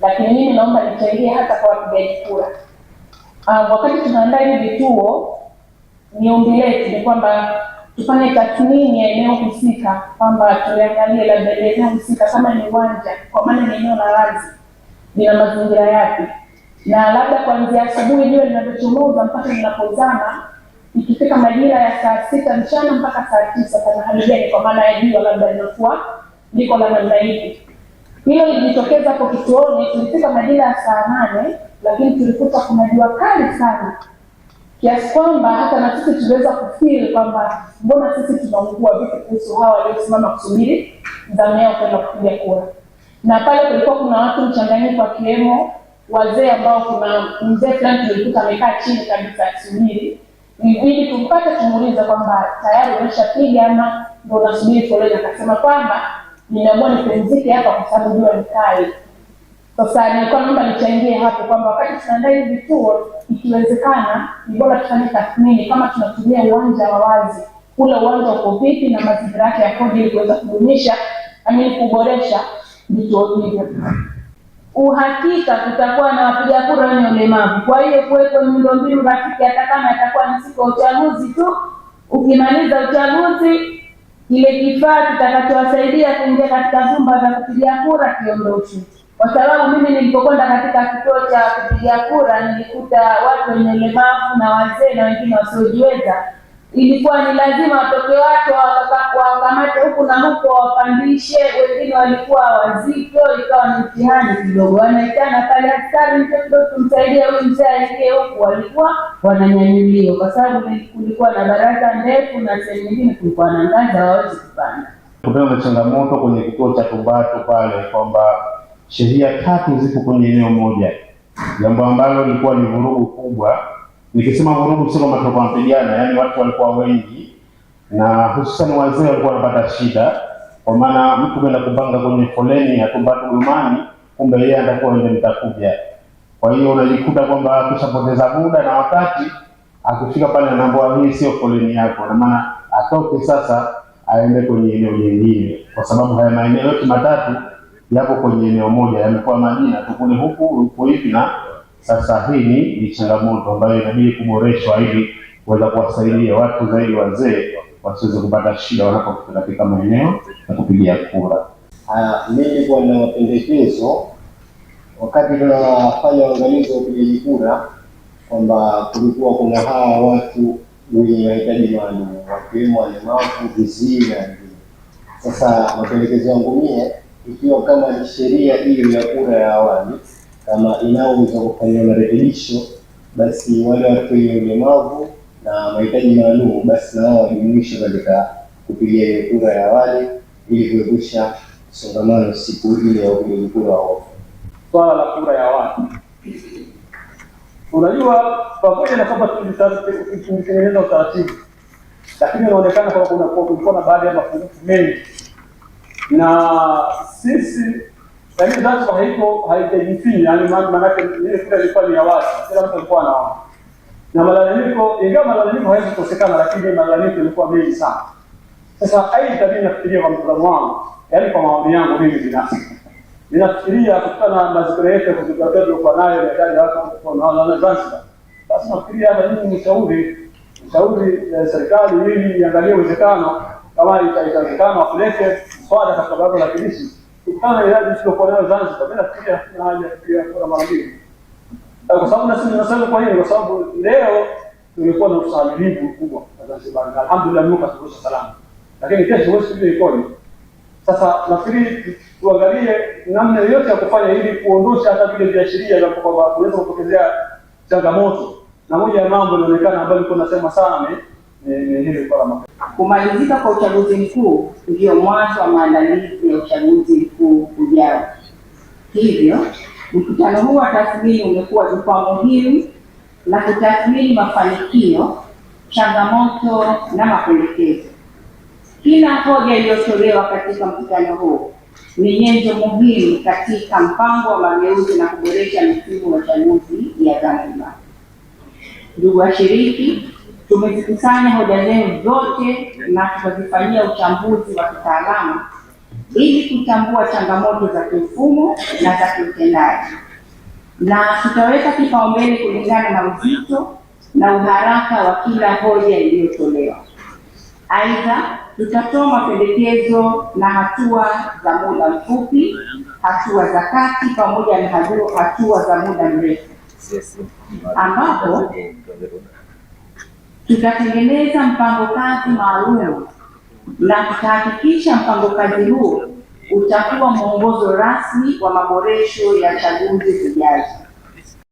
lakini mimi naomba nichangie hata kwa wapigaji kura. Uh, wakati tunaandaa hivi vituo, ni ombi letu ni kwamba tufanye tathmini ya eneo husika, kwamba tuliangalie labda eneo husika kama ni uwanja, kwa maana ni eneo la wazi, lina mazingira yapi, na labda kuanzia asubuhi jua linavyochomoza mpaka linapozama, ikifika majira ya saa sita mchana mpaka saa tisa kama hali gani, kwa maana ya jua labda linakuwa liko la namna hivi hilo lilijitokeza hapo kituoni, tulifika majira ya saa nane, lakini tulikuta kuna jua kali sana kiasi kwamba hata na sisi tuliweza kufeel kwamba mbona sisi tunaungua vipi kuhusu hawa waliosimama kusubiri zamu yao kwenda kupiga kura. Na pale kulikuwa kuna watu mchanganyiko, wakiwemo wazee ambao kuna mzee fulani tulikuta amekaa chini kabisa akisubiri, ilibidi tumpate tumuuliza kwamba tayari umeshapiga ama ndo unasubiri foleni, akasema kwamba ninaamua nipumzike hapa kwa sababu jua ni kali. Sasa nilikuwa naomba nichangie hapo kwamba wakati tunaandaa hivi vituo, ikiwezekana ni bora tufanye tathmini kama tunatumia uwanja wa wazi, ule uwanja uko vipi na mazingira yake yakoje, ili kuweza kudumisha amini, kuboresha vituo hivyo. Uhakika tutakuwa na wapiga kura wenye ulemavu. Kwa hiyo kuweko miundombinu rafiki, hata kama atakuwa ni siku ya uchaguzi tu, ukimaliza uchaguzi kile kifaa kitakachowasaidia kuingia katika vyumba vya kupigia kura kiondoshe, kwa sababu mimi nilipokwenda katika kituo cha kupigia kura nilikuta watu wenye ulemavu na wazee na wengine wasiojiweza ilikuwa ni lazima watoke wake wawakamate huku na huku wapandishe Wengine walikuwa wazito, ikawa ni mtihani kidogo, wanaitana pale askari, mtoto kidogo, tumsaidia huyu mzee aingie huku. Walikuwa wananyanyuliwa kwa sababu kulikuwa na baraza ndefu, na sehemu nyingine kulikuwa na ngazi, hawawezi kupanda. Kunayo na changamoto kwenye kituo cha Tumbatu pale kwamba sheria tatu zipo kwenye eneo moja, jambo ambalo lilikuwa ni vurugu kubwa Nikisema vurugu sio kwamba tulikuwa tunapigana, yani watu walikuwa wengi na hususan wazee walikuwa wanapata shida, kwa maana mtu kwenda kupanga kwenye foleni ya Tumbatu Dumani, kumbe yeye atakuwa ende Mtakubya. Kwa hiyo unajikuta kwamba akishapoteza muda na wakati, akifika pale anaambiwa hii sio foleni yako, na maana atoke sasa aende kwenye eneo lingine, kwa sababu haya maeneo yote matatu yapo kwenye eneo moja, yamekuwa majina tukuni huku huku hivi na sasa hii ni changamoto ambayo inabidi kuboreshwa ili kuweza kuwasaidia watu zaidi wazee wasiweze kupata shida wanapofika katika maeneo ya kupigia kura. Ah, mimi kwa na mapendekezo, wakati tunafanya uangalizi wa upigaji kura, kwamba kulikuwa kuna hawa watu wenye mahitaji maalum wakiwemo walemavu, vizii na wengine. Sasa mapendekezo yangu mie, ikiwa kama ni sheria hiyo ya kura ya awali kama inao kufanya marekebisho, basi wale watu wenye ulemavu na mahitaji maalum, basi na wao wajumuishwe katika kupigia ile kura ya awali ili kuepusha songamano siku ile ya upigaji kura wa hofu. Swala la kura ya awali, unajua pamoja na kwamba tulitengeneza utaratibu, lakini inaonekana kwamba kulikuwa na baadhi ya mapungufu mengi na sisi lakini Zanzibar haiko haitajifinya, yani maanake ile kule ilikuwa ni ya wazi, kila mtu alikuwa anaona, na malalamiko, ingawa malalamiko hawezi kukosekana, lakini malalamiko ilikuwa mengi sana. Sasa aidha, mimi nafikiria kwa mtazamo wangu, yani kwa maoni yangu mimi binafsi, ninafikiria kutokana na mazingira yetu ya kuzingatia tulikuwa nayo na idadi ya watu tunaona Zanzibar, basi nafikiria hapa nini mshauri mshauri eh, serikali ili iangalie uwezekano kama itawezekana wapeleke swala katika baraza la kijeshi kutokana na idadi tuliyokuwa nayo Zanzibar, mimi nafikiria hakuna haja ya kufikiria kwa mara mbili, kwa sababu na sisi tunasema kwa hiyo, kwa sababu leo tulikuwa na usalimivu mkubwa kwa Zanzibar, na alhamdulillah Mungu atukosha salama, lakini kesho wewe sijui ikoje. Sasa nafikiri tuangalie namna yoyote ya kufanya ili kuondosha hata vile viashiria vya kwamba kunaweza kutokezea changamoto, na moja ya mambo inaonekana ambayo nilikuwa nasema sana Eh, Kumalizika kwa uchaguzi mkuu ndiyo mwanzo wa maandalizi ya uchaguzi mkuu ujao. Hivyo mkutano huu wa tathmini umekuwa jukwaa muhimu la kutathmini mafanikio, changamoto na mapendekezo. Kila hoja iliyotolewa katika mkutano huu ni nyenzo muhimu katika mpango wa mageuzi na kuboresha mifumo ya uchaguzi ya Zanzibar. Ndugu washiriki, tumezikusanya hoja zenu zote na tutazifanyia uchambuzi wa kitaalamu ili kutambua changamoto za kimfumo na za kiutendaji, na tutaweka kipaumbele kulingana na uzito na uharaka wa kila hoja iliyotolewa. Aidha, tutatoa mapendekezo na hatua za muda mfupi, hatua za kati, pamoja na hatua za muda mrefu ambapo tutatengeneza mpango kazi maalum na tutahakikisha mpango kazi huo utakuwa mwongozo rasmi wa maboresho ya chaguzi zijazo.